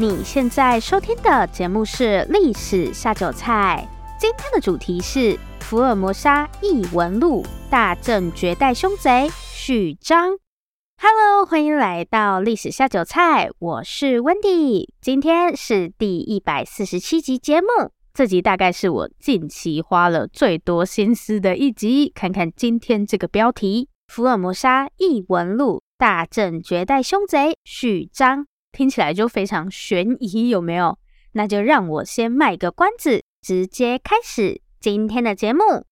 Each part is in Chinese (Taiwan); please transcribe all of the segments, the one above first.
你現在收聽的節目是《歷史下酒菜》，今天的主題是《福爾摩沙異聞錄：大正絕代兇賊》序章。Hello，歡迎來到《歷史下酒菜》，我是 Wendy，今天是第一百四十七集節目。這集大概是我近期花了最多心思的一集。看看今天這個標題，《福爾摩沙異聞錄：大正絕代兇賊》序章。聽起來就非常懸疑，有沒有？那就讓我先賣個關子，直接開始今天的節目。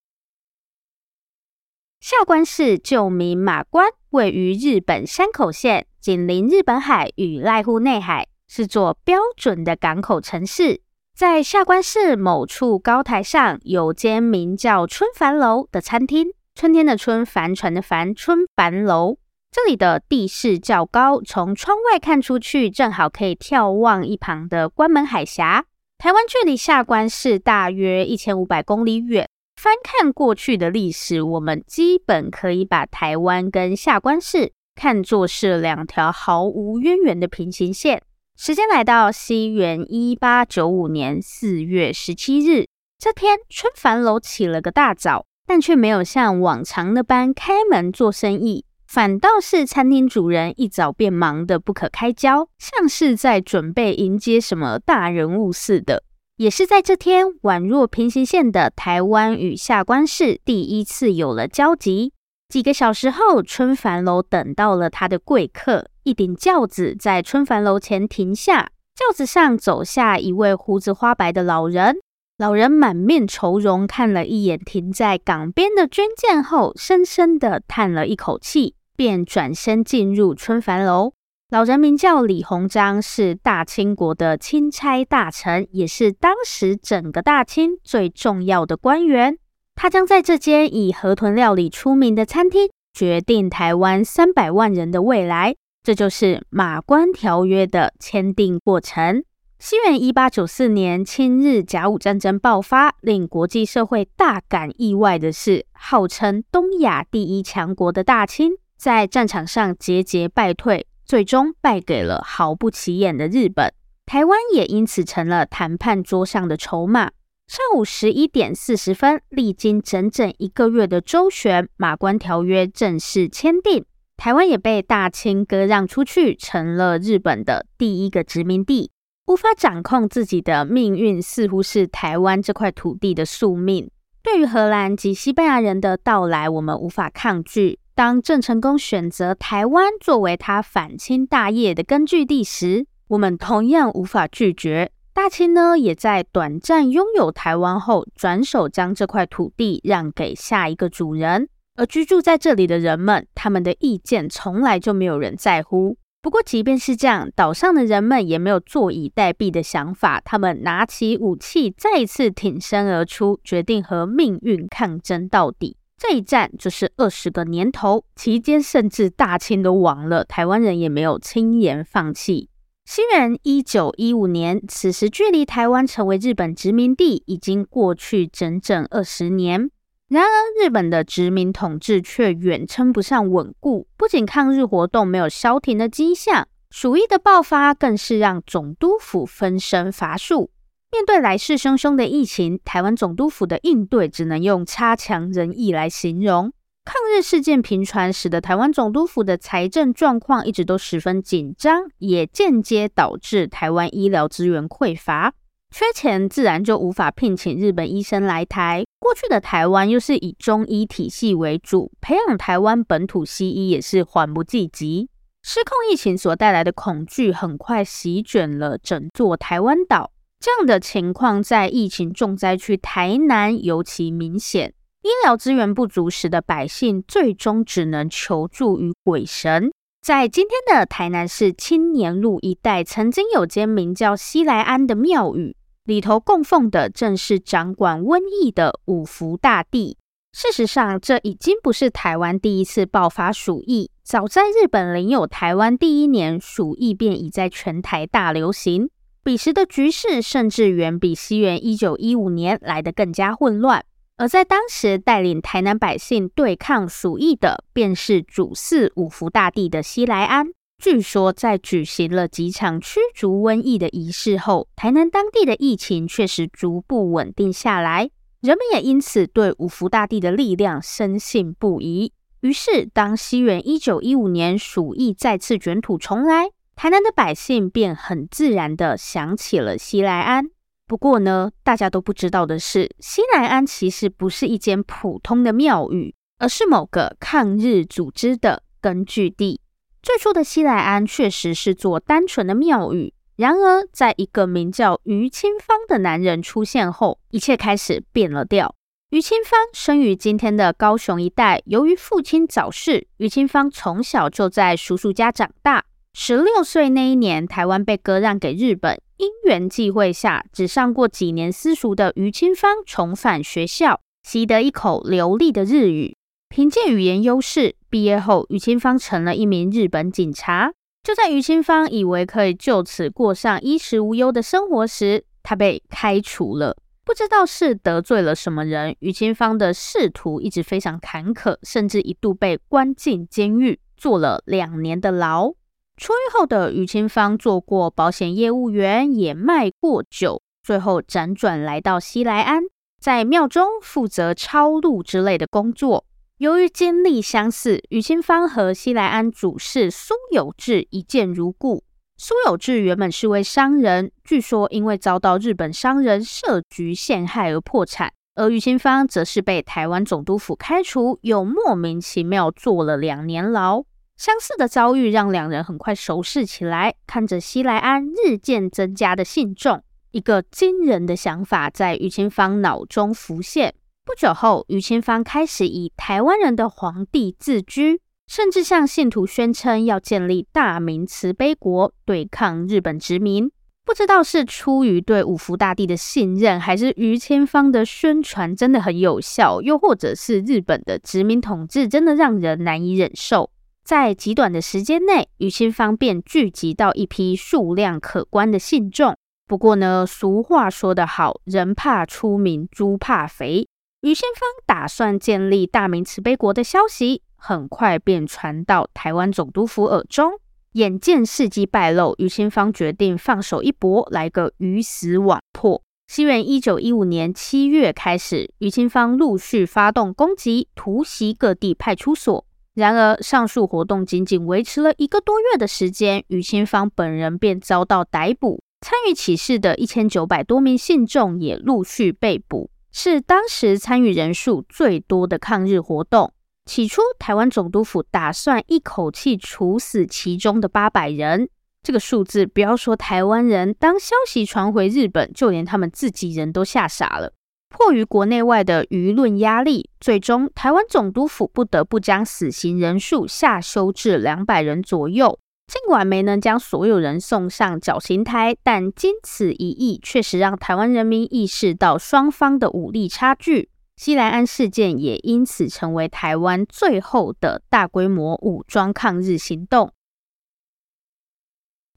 下關市舊名馬關，位於日本山口縣，緊鄰日本海與瀨戶內海，是座標準的港口城市。在下關市某處高台上有間名叫“春帆樓”的餐廳，春天的春，帆船的帆，春帆樓。這裡的地勢較高，從窗外看出去，正好可以眺望一旁的關門海峽。台灣距離下關市大約一千五百公里遠。翻看過去的歷史，我們基本可以把台灣跟下關市看作是兩條毫無淵源的平行線。時間來到西元一八九五年四月十七日，這天春帆樓起了個大早，但卻沒有像往常那般開門做生意。反倒是餐廳主人一早便忙得不可開交，像是在準備迎接什麼大人物似的。也是在這天，宛若平行線的台灣與下關市第一次有了交集。幾個小時後，春帆樓等到了他的貴客，一頂轎子在春帆樓前停下，轎子上走下一位胡子花白的老人。老人滿面愁容，看了一眼停在港邊的軍艦後，深深地嘆了一口氣。便轉身進入春帆樓。老人名叫李鴻章，是大清國的欽差大臣，也是當時整個大清最重要的官員。他將在這間以河豚料理出名的餐廳，決定台灣三百萬人的未來。這就是馬關條約的簽訂過程。西元一八九四年，清日甲午戰爭爆發，令國際社會大感意外的是，號稱東亞第一強國的大清。在戰場上節節敗退，最終敗給了毫不起眼的日本，台灣也因此成了談判桌上的籌碼。上午十一點四十分，歷經整整一個月的周旋，馬關條約正式簽訂，台灣也被大清割讓出去，成了日本的第一個殖民地。無法掌控自己的命運，似乎是台灣這塊土地的宿命。對於荷蘭及西班牙人的到來，我們無法抗拒。當鄭成功選擇台灣作為他反清大業的根據地時，我們同樣無法拒絕。大清呢，也在短暫擁有台灣後，轉手將這塊土地讓給下一個主人。而居住在這裡的人們，他們的意見從來就沒有人在乎。不過，即便是這樣，島上的人們也沒有坐以待斃的想法。他們拿起武器，再一次挺身而出，決定和命運抗爭到底。這一戰就是二十個年頭，期間甚至大清都亡了，台灣人也沒有輕言放棄。西元一九一五年，此時距離台灣成為日本殖民地已經過去整整二十年，然而日本的殖民統治卻遠稱不上穩固，不僅抗日活動沒有消停的跡象，鼠疫的爆發更是讓總督府分身乏術。面對來勢洶洶的疫情，臺灣總督府的應對只能用差強人意來形容。抗日事件頻傳，使得臺灣總督府的財政狀況一直都十分緊張，也間接導致臺灣醫療資源匱乏。缺錢自然就無法聘請日本醫生來臺。過去的臺灣又是以中醫體系為主，培養臺灣本土西醫也是緩不濟急。失控疫情所帶來的恐懼，很快席捲了整座臺灣島。這樣的情況在疫情重災區台南尤其明顯。醫療資源不足時的百姓，最終只能求助於鬼神。在今天的台南市青年路一帶，曾經有間名叫西來庵的廟宇，裡頭供奉的正是掌管瘟疫的五福大帝。事實上，這已經不是台灣第一次爆發鼠疫。早在日本領有台灣第一年，鼠疫便已在全台大流行。彼時的局勢甚至遠比西元一九一五年來得更加混亂，而在當時帶領台南百姓對抗鼠疫的，便是主祀五福大帝的西來庵。據說在舉行了幾場驅逐瘟疫的儀式後，台南當地的疫情確實逐步穩定下來，人們也因此對五福大帝的力量深信不疑。於是，當西元一九一五年鼠疫再次卷土重來，台南的百姓便很自然的想起了西來庵。不過呢，大家都不知道的是，西來庵其實不是一間普通的廟宇，而是某個抗日組織的根據地。最初的西來庵確實是座單純的廟宇，然而，在一個名叫余清芳的男人出現後，一切開始變了調。余清芳生於今天的高雄一帶，由於父親早逝，余清芳從小就在叔叔家長大。十六歲那一年，台灣被割讓給日本。因緣際會下，只上過幾年私塾的余清芳重返學校，習得一口流利的日語。憑借語言優勢，畢業後余清芳成了一名日本警察。就在余清芳以為可以就此過上衣食無憂的生活時，他被開除了。不知道是得罪了什麼人，余清芳的仕途一直非常坎坷，甚至一度被關進監獄，坐了兩年的牢。出獄後的余清芳做過保險業務員，也賣過酒，最後輾轉來到西來庵，在廟中負責抄錄之類的工作。由於經歷相似，余清芳和西來庵主事蘇有志一見如故。蘇有志原本是位商人，據說因為遭到日本商人設局陷害而破產，而余清芳則是被台灣總督府開除，又莫名其妙坐了兩年牢。相似的遭遇讓兩人很快熟識起來。看着西來庵日漸增加的信眾，一個驚人的想法在於清芳腦中浮現。不久後，於清芳開始以台灣人的皇帝自居，甚至向信徒宣稱要建立大明慈悲國，對抗日本殖民。不知道是出於對五福大帝的信任，還是於清芳的宣傳真的很有效，又或者是日本的殖民統治真的讓人難以忍受。在極短的時間內，余清芳便聚集到一批數量可觀的信眾。不過呢，俗話說得好，人怕出名，豬怕肥。余清芳打算建立大明慈悲國的消息，很快便傳到台灣總督府耳中。眼見事機敗露，余清芳決定放手一搏，來個魚死網破。西元一九一五年七月開始，余清芳陸續發動攻擊，突襲各地派出所。然而，上述活動僅僅維持了一個多月的時間，余清芳本人便遭到逮捕，參與起事的一千九百多名信眾也陸續被捕，是當時參與人數最多的抗日活動。起初，台灣總督府打算一口氣處死其中的八百人，這個數字不要說台灣人，當消息傳回日本，就連他們自己人都嚇傻了。迫於國內外的輿論壓力，最終台灣總督府不得不將死刑人數下修至兩百人左右。儘管沒能將所有人送上絞刑台，但經此一役，確實讓台灣人民意識到雙方的武力差距。西來庵事件也因此成為台灣最後的大規模武裝抗日行動。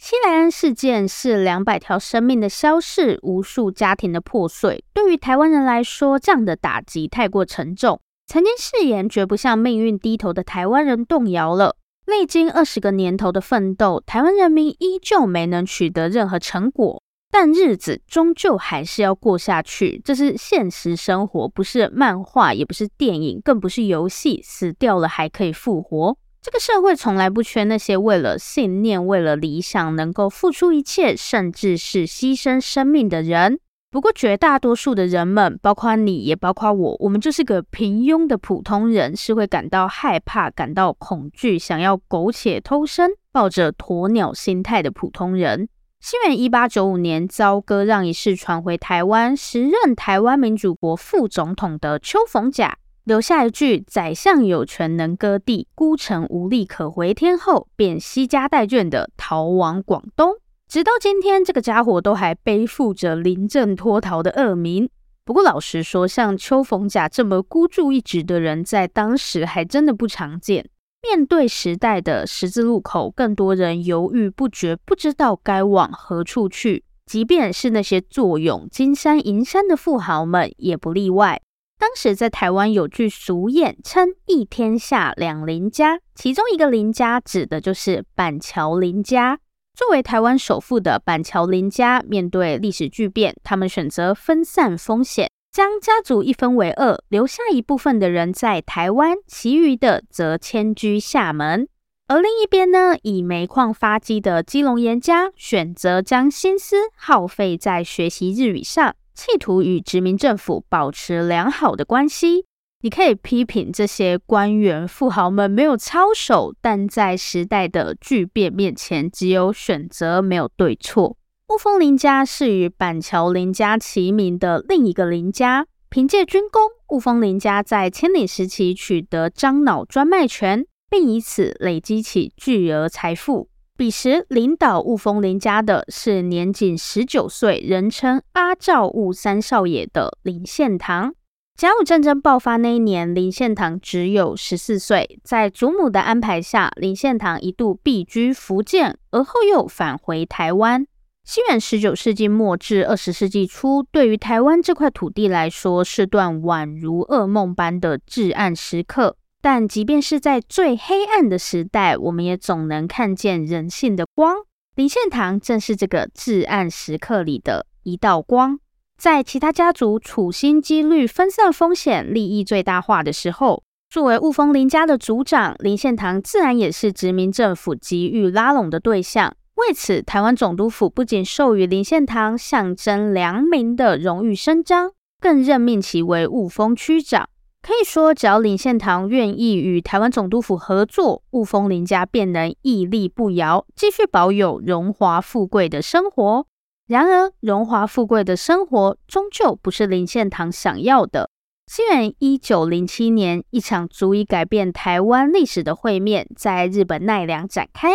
西來庵事件是兩百條生命的消逝，無數家庭的破碎。對於台灣人來說，這樣的打擊太過沉重。曾經誓言絕不向命運低頭的台灣人動搖了。歷經二十個年頭的奮鬥，台灣人民依舊沒能取得任何成果。但日子終究還是要過下去，這是現實生活，不是漫畫，也不是電影，更不是遊戲。死掉了還可以復活。這個社會從來不缺那些為了信念、為了理想能夠付出一切，甚至是犧牲生命的人。不過，絕大多數的人們，包括你也包括我，我們就是個平庸的普通人，是會感到害怕、感到恐懼，想要苟且偷生，抱着鴕鳥心態的普通人。西元一八九五年，遭割讓一事傳回台灣，時任台灣民主國副總統的邱逢甲。留下一句“宰相有權能割地，孤城無力可回天”，後便攜家帶眷的逃往廣東，直到今天，這個家伙都還背負着臨陣脫逃的惡名。不過，老實說，像邱逢甲這麼孤注一擲的人，在當時還真的不常見。面對時代的十字路口，更多人猶豫不決，不知道該往何處去。即便是那些坐擁金山銀山的富豪們，也不例外。當時在台灣有句俗諺稱“一天下兩林家”，其中一個林家指的就是板橋林家。作為台灣首富的板橋林家，面對歷史巨變，他們選擇分散風險，將家族一分為二，留下一部分的人在台灣，其餘的則遷居廈門。而另一邊呢，以煤礦發跡的基隆顏家，選擇將心思耗費在學習日語上。企圖與殖民政府保持良好的關係，你可以批評這些官員富豪們沒有操守，但在時代的巨變面前，只有選擇，沒有對錯。霧峰林家是與板橋林家齊名的另一個林家，憑借軍功，霧峰林家在乾隆時期取得樟腦專賣權，並以此累積起巨額財富。彼時，領導霧峰林家的是年僅十九歲、人稱阿罩霧三少爺的林獻堂。甲午戰爭爆發那一年，林獻堂只有十四歲。在祖母的安排下，林獻堂一度避居福建，而後又返回台灣。西元十九世紀末至二十世紀初，對於台灣這塊土地來說，是段宛如噩夢般的至暗時刻。但即便是在最黑暗的時代，我們也總能看見人性的光。林獻堂正是這個至暗時刻裡的一道光。在其他家族處心積慮分散風險、利益最大化的時候，作為霧峰林家的族長，林獻堂自然也是殖民政府急欲拉攏的對象。為此，台灣總督府不僅授予林獻堂象徵良民的榮譽勳章，更任命其為霧峰區長。可以說，只要林獻堂願意與台灣總督府合作，霧峰林家便能屹立不搖，繼續保有榮華富貴的生活。然而，榮華富貴的生活終究不是林獻堂想要的。西元一九零七年，一場足以改變台灣歷史的會面，在日本奈良展開。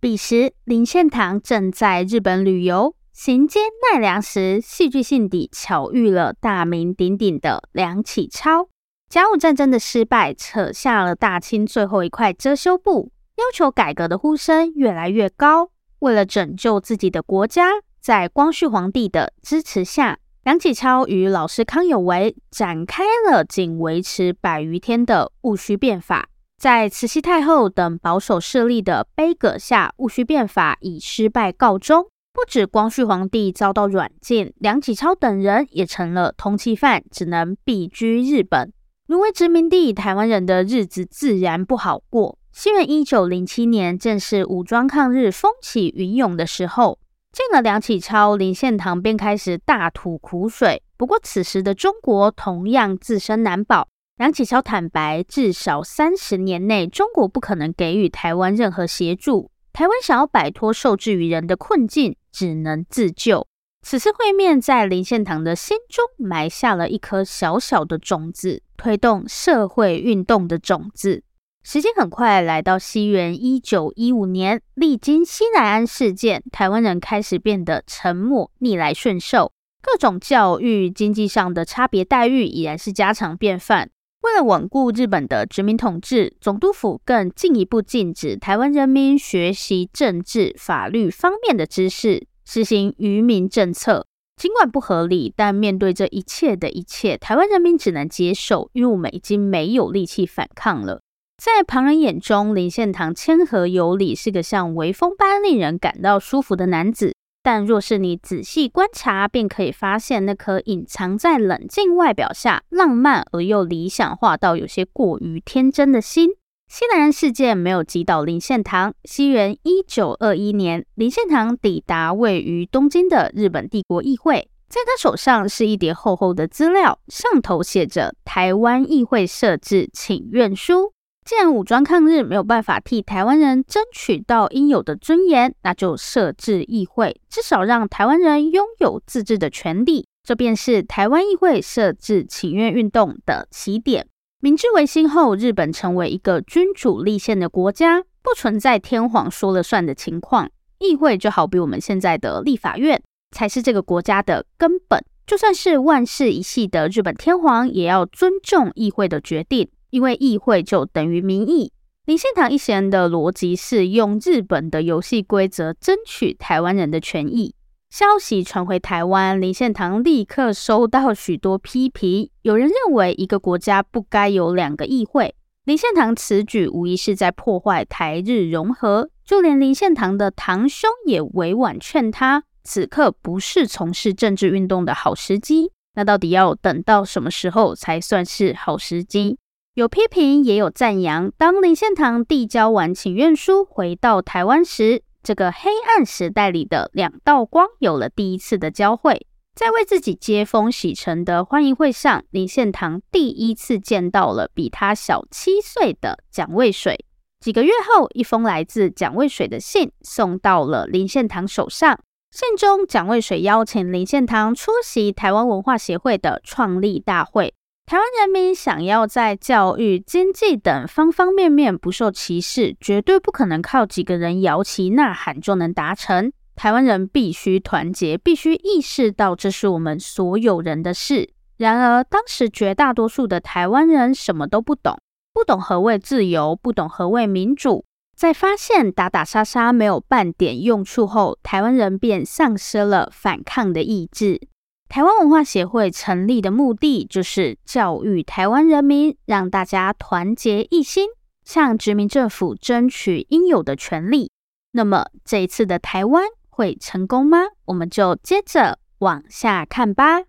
彼時，林獻堂正在日本旅遊，行經奈良時，戲劇性地巧遇了大名鼎鼎的梁啟超。甲午戰爭的失敗，扯下了大清最後一塊遮羞布，要求改革的呼聲越來越高。為了拯救自己的國家，在光緒皇帝的支持下，梁啟超與老師康有為展開了僅維持百餘天的戊戌變法。在慈禧太后等保守勢力的杯葛下，戊戌變法以失敗告終。不止光緒皇帝遭到軟禁，梁啟超等人也成了通緝犯，只能避居日本。淪為殖民地，台灣人的日子自然不好過。西元一九零七年，正是武裝抗日風起雲湧的時候。見了梁啟超，林獻堂便開始大吐苦水。不過，此時的中國同樣自身難保。梁啟超坦白，至少三十年內，中國不可能給予台灣任何協助。台灣想要擺脫受制於人的困境，只能自救。此次會面在林獻堂的心中埋下了一顆小小的種子，推動社會運動的種子。時間很快來到西元一九一五年，歷經西來庵事件，台灣人開始變得沉默、逆來順受。各種教育、經濟上的差別待遇已然是家常便飯。為了穩固日本的殖民統治，總督府更進一步禁止台灣人民學習政治、法律方面的知識。實行愚民政策，儘管不合理，但面對這一切的一切，台灣人民只能接受，因為我們已經沒有力氣反抗了。在旁人眼中，林獻堂謙和有禮，是個像微風般令人感到舒服的男子。但若是你仔細觀察，便可以發現那顆隱藏在冷靜外表下，浪漫而又理想化到有些過於天真的心。西來庵事件沒有擊倒林獻堂。西元一九二一年，林獻堂抵達位於東京的日本帝國議會，在他手上是一疊厚厚的資料，上頭寫着“台灣議會設置請願書”。既然武裝抗日沒有辦法替台灣人爭取到應有的尊嚴，那就設置議會，至少讓台灣人擁有自治的權利。這便是台灣議會設置請願運動的起點。明治維新後，日本成為一個君主立憲的國家，不存在天皇說了算的情況。議會就好比我們現在的立法院，才是這個國家的根本。就算是萬世一系的日本天皇，也要尊重議會的決定，因為議會就等於民意。林獻堂一行人的邏輯是用日本的遊戲規則爭取台灣人的權益。消息傳回台灣，林獻堂立刻收到許多批評。有人認為，一個國家不該有兩個議會。林獻堂此舉無疑是在破壞台日融合。就連林獻堂的堂兄也委婉勸他，此刻不是從事政治運動的好時機。那到底要等到什麼時候才算是好時機？有批評，也有讚揚。當林獻堂遞交完請願書，回到台灣時，這個黑暗時代裡的兩道光有了第一次的交匯，在為自己接風洗塵的歡迎會上，林獻堂第一次見到了比他小七歲的蔣渭水。幾個月後，一封來自蔣渭水的信送到了林獻堂手上，信中蔣渭水邀請林獻堂出席台灣文化協會的創立大會。台灣人民想要在教育、經濟等方方面面不受歧視，絕對不可能靠幾個人搖旗吶喊就能達成。台灣人必須團結，必須意識到這是我們所有人的事。然而，當時絕大多數的台灣人什麼都不懂，不懂何謂自由，不懂何謂民主。在發現打打殺殺沒有半點用處後，台灣人便喪失了反抗的意志。台灣文化協會成立的目的就是教育台灣人民，讓大家團結一心，向殖民政府爭取應有的權利。那麼，這一次的台灣會成功嗎？我們就接着往下看吧。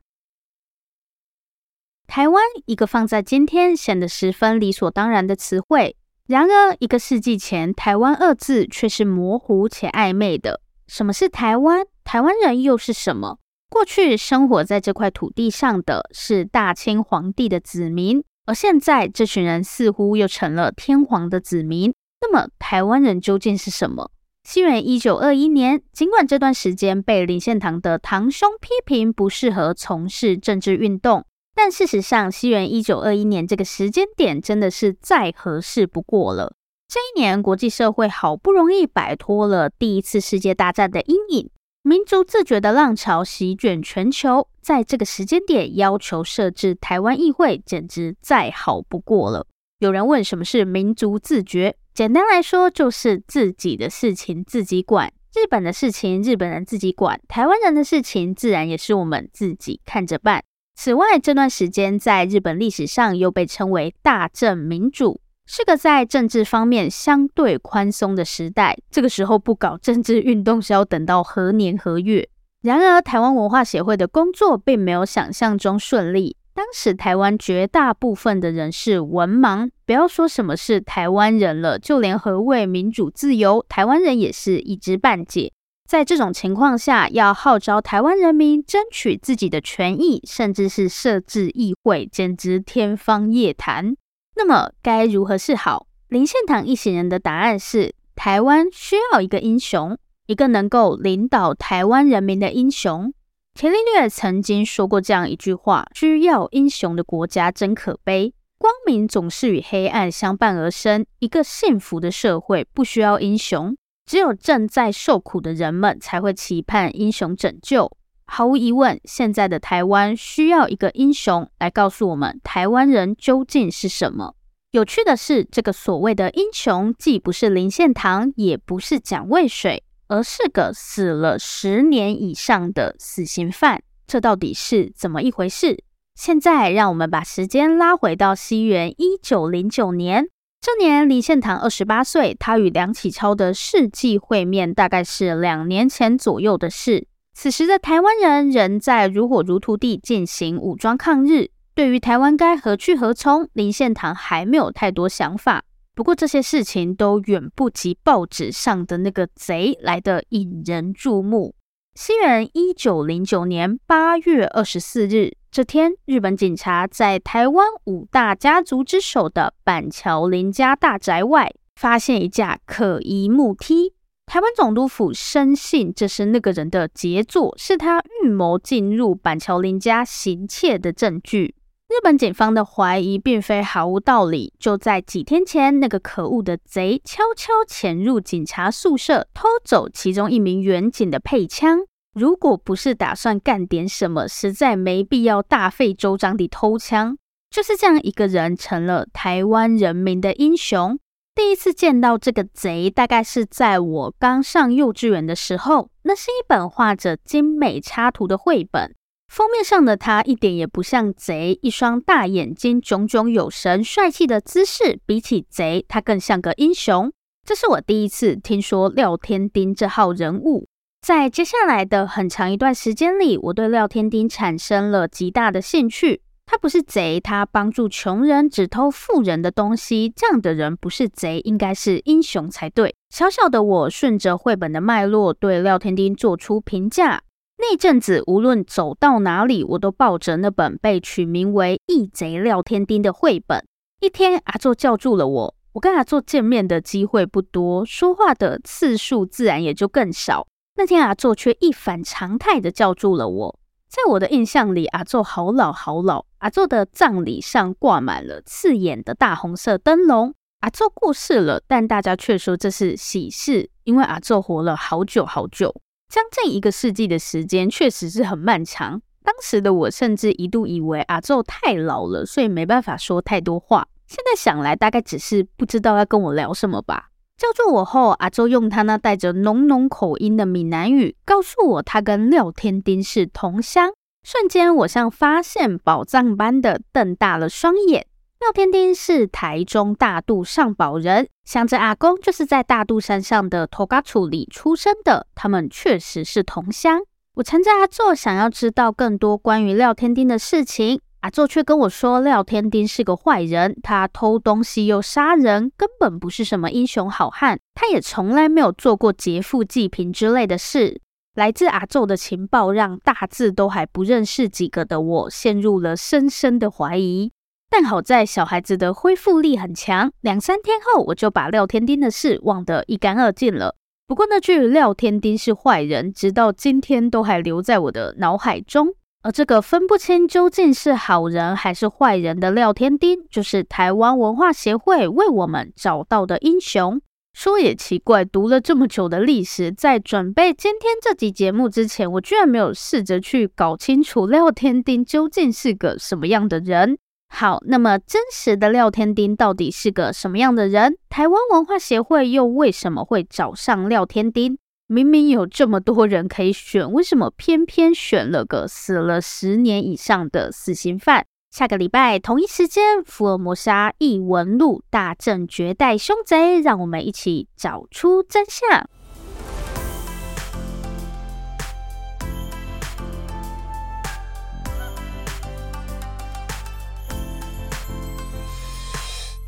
台灣，一個放在今天顯得十分理所當然的詞彙，然而一個世紀前，“台灣”二字卻是模糊且曖昧的。什麼是台灣？台灣人又是什麼？過去生活在這塊土地上的是大清皇帝的子民，而現在這群人似乎又成了天皇的子民。那麼，台灣人究竟是什麼？西元一九二一年，儘管這段時間被林獻堂的堂兄批評不適合從事政治運動，但事實上，西元一九二一年這個時間點真的是再合適不過了。這一年，國際社會好不容易擺脫了第一次世界大戰的陰影。民族自覺的浪潮席捲全球，在這個時間點要求設置台灣議會，簡直再好不過了。有人問什麼是民族自覺？簡單來說就是自己的事情自己管，日本的事情日本人自己管，台灣人的事情自然也是我們自己看着辦。此外，這段時間在日本歷史上又被稱為大正民主。是個在政治方面相對寬鬆的時代，這個時候不搞政治運動是要等到何年何月？然而，台灣文化協會的工作並沒有想象中順利。當時，台灣絕大部分的人是文盲，不要說什麼是台灣人了，就連何為民主自由，台灣人也是一知半解。在這種情況下，要號召台灣人民爭取自己的權益，甚至是設置議會，簡直天方夜譚。那麼該如何是好？林獻堂一行人的答案是：台灣需要一個英雄，一個能夠領導台灣人民的英雄。伽利略曾經說過這樣一句話：“需要英雄的國家真可悲。光明總是與黑暗相伴而生。一個幸福的社會不需要英雄，只有正在受苦的人們才會期盼英雄拯救。”毫無疑問，現在的台灣需要一個英雄來告訴我們台灣人究竟是什麼。有趣的是，這個所謂的英雄既不是林獻堂，也不是蔣渭水，而是個死了十年以上的死刑犯。這到底是怎麼一回事？現在，讓我們把時間拉回到西元一九零九年，這年林獻堂二十八歲，他與梁啟超的世紀會面大概是兩年前左右的事。此時的台灣人仍在如火如荼地進行武裝抗日，對於台灣該何去何從，林獻堂還沒有太多想法。不過這些事情都遠不及報紙上的那個賊來得引人注目。西元一九零九年八月二十四日，這天，日本警察在台灣五大家族之首的板橋林家大宅外，發現一架可疑木梯。臺灣總督府深信這是那個人的傑作，是他預謀進入板橋林家行竊的證據。日本警方的懷疑並非毫無道理。就在幾天前，那個可惡的賊悄悄潛入警察宿舍，偷走其中一名員警的配槍。如果不是打算幹點什麼，實在沒必要大費周章地偷槍。就是這樣一個人，成了臺灣人民的英雄。第一次見到這個賊，大概是在我剛上幼稚園的時候。那是一本畫着精美插圖的繪本，封面上的他一點也不像賊，一雙大眼睛炯炯有神，帥氣的姿勢，比起賊，他更像個英雄。這是我第一次聽說廖添丁這號人物。在接下來的很長一段時間裡，我對廖添丁產生了極大的興趣。他不是賊，他幫助窮人，只偷富人的東西。這樣的人不是賊，應該是英雄才對。小小的我順着繪本的脈絡對廖添丁做出評價。那陣子，無論走到哪裡，我都抱着那本被取名為《義賊廖添丁》的繪本。一天，阿座叫住了我。我跟阿座見面的機會不多，說話的次數自然也就更少。那天，阿座卻一反常態地叫住了我。在我的印象裡，阿座好老好老。阿晝的葬禮上掛滿了刺眼的大紅色燈籠。阿晝過世了，但大家卻說這是喜事，因為阿晝活了好久好久，將近一個世紀的時間，確實是很漫長。當時的我甚至一度以為阿晝太老了，所以沒辦法說太多話。現在想來，大概只是不知道要跟我聊什麼吧。叫住我後，阿晝用他那帶着濃濃口音的閩南語告訴我，他跟廖添丁是同鄉。瞬間，我像發現寶藏般的瞪大了雙眼。廖添丁是台中大肚上堡人，想着阿公就是在大肚山上的頭家厝裡出生的，他們確實是同鄉。我纏着阿祖想要知道更多關於廖添丁的事情，阿祖卻跟我說，廖添丁是個壞人，他偷東西又殺人，根本不是什麼英雄好漢。他也從來沒有做過劫富濟貧之類的事。來自阿宙的情報，讓大字都還不認識幾個的我陷入了深深的懷疑。但好在小孩子的恢復力很強，兩三天後我就把廖添丁的事忘得一乾二淨了。不過那句廖添丁是壞人，直到今天都還留在我的腦海中。而這個分不清究竟是好人還是壞人的廖添丁，就是台灣文化協會為我們找到的英雄。說也奇怪，讀了這麼久的歷史，在準備今天這集節目之前，我居然沒有試着去搞清楚廖添丁究竟是個什麼樣的人。好，那麼真實的廖添丁到底是個什麼樣的人？臺灣文化協會又為什麼會找上廖添丁？明明有這麼多人可以選，為什麼偏偏選了個死了十年以上的死刑犯？下個禮拜同一時間，《福爾摩沙異聞錄》大正絕代兇賊，讓我們一起找出真相。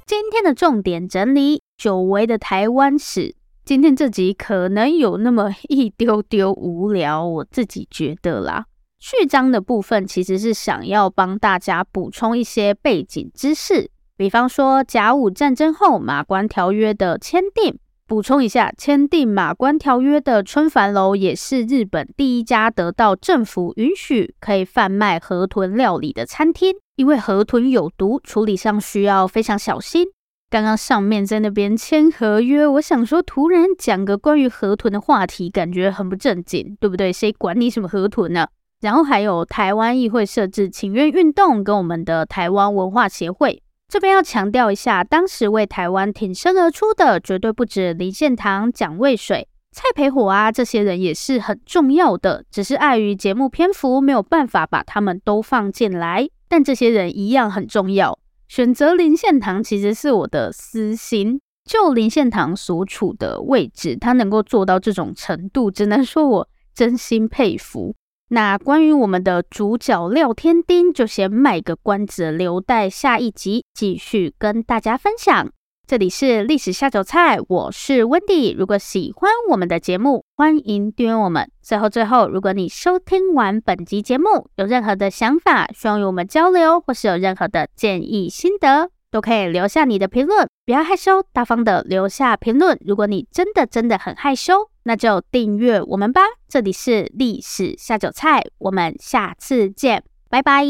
今天的重點整理：久違的台灣史。今天這集可能有那麼一丟丟無聊，我自己覺得啦。序章的部分其實是想要幫大家補充一些背景知識，比方說甲午戰爭後馬關條約的簽訂。補充一下，簽訂馬關條約的春帆樓也是日本第一家得到政府允許可以販賣河豚料理的餐廳，因為河豚有毒，處理上需要非常小心。剛剛上面在那邊簽合約，我想說突然講個關於河豚的話題，感覺很不正經，對不對？誰管你什麼河豚呢？然後還有台灣議會設置請願運動，跟我們的台灣文化協會這邊要強調一下，當時為台灣挺身而出的，絕對不止林獻堂、蔣渭水、蔡培火啊，這些人也是很重要的。只是礙於節目篇幅，沒有辦法把他們都放進來，但這些人一樣很重要。選擇林獻堂其實是我的私心，就林獻堂所處的位置，他能夠做到這種程度，只能說我真心佩服。那關於我們的主角廖添丁，就先賣個關子，留待下一集繼續跟大家分享。這裡是歷史下酒菜，我是 Wendy。如果喜歡我們的節目，歡迎訂閱我們。最後最後，如果你收聽完本集節目，有任何的想法，希望與我們交流，或是有任何的建議心得，都可以留下你的評論，不要害羞，大方的留下評論。如果你真的真的很害羞。那就訂閱我們吧！這裡是歷史下酒菜，我們下次見，拜拜。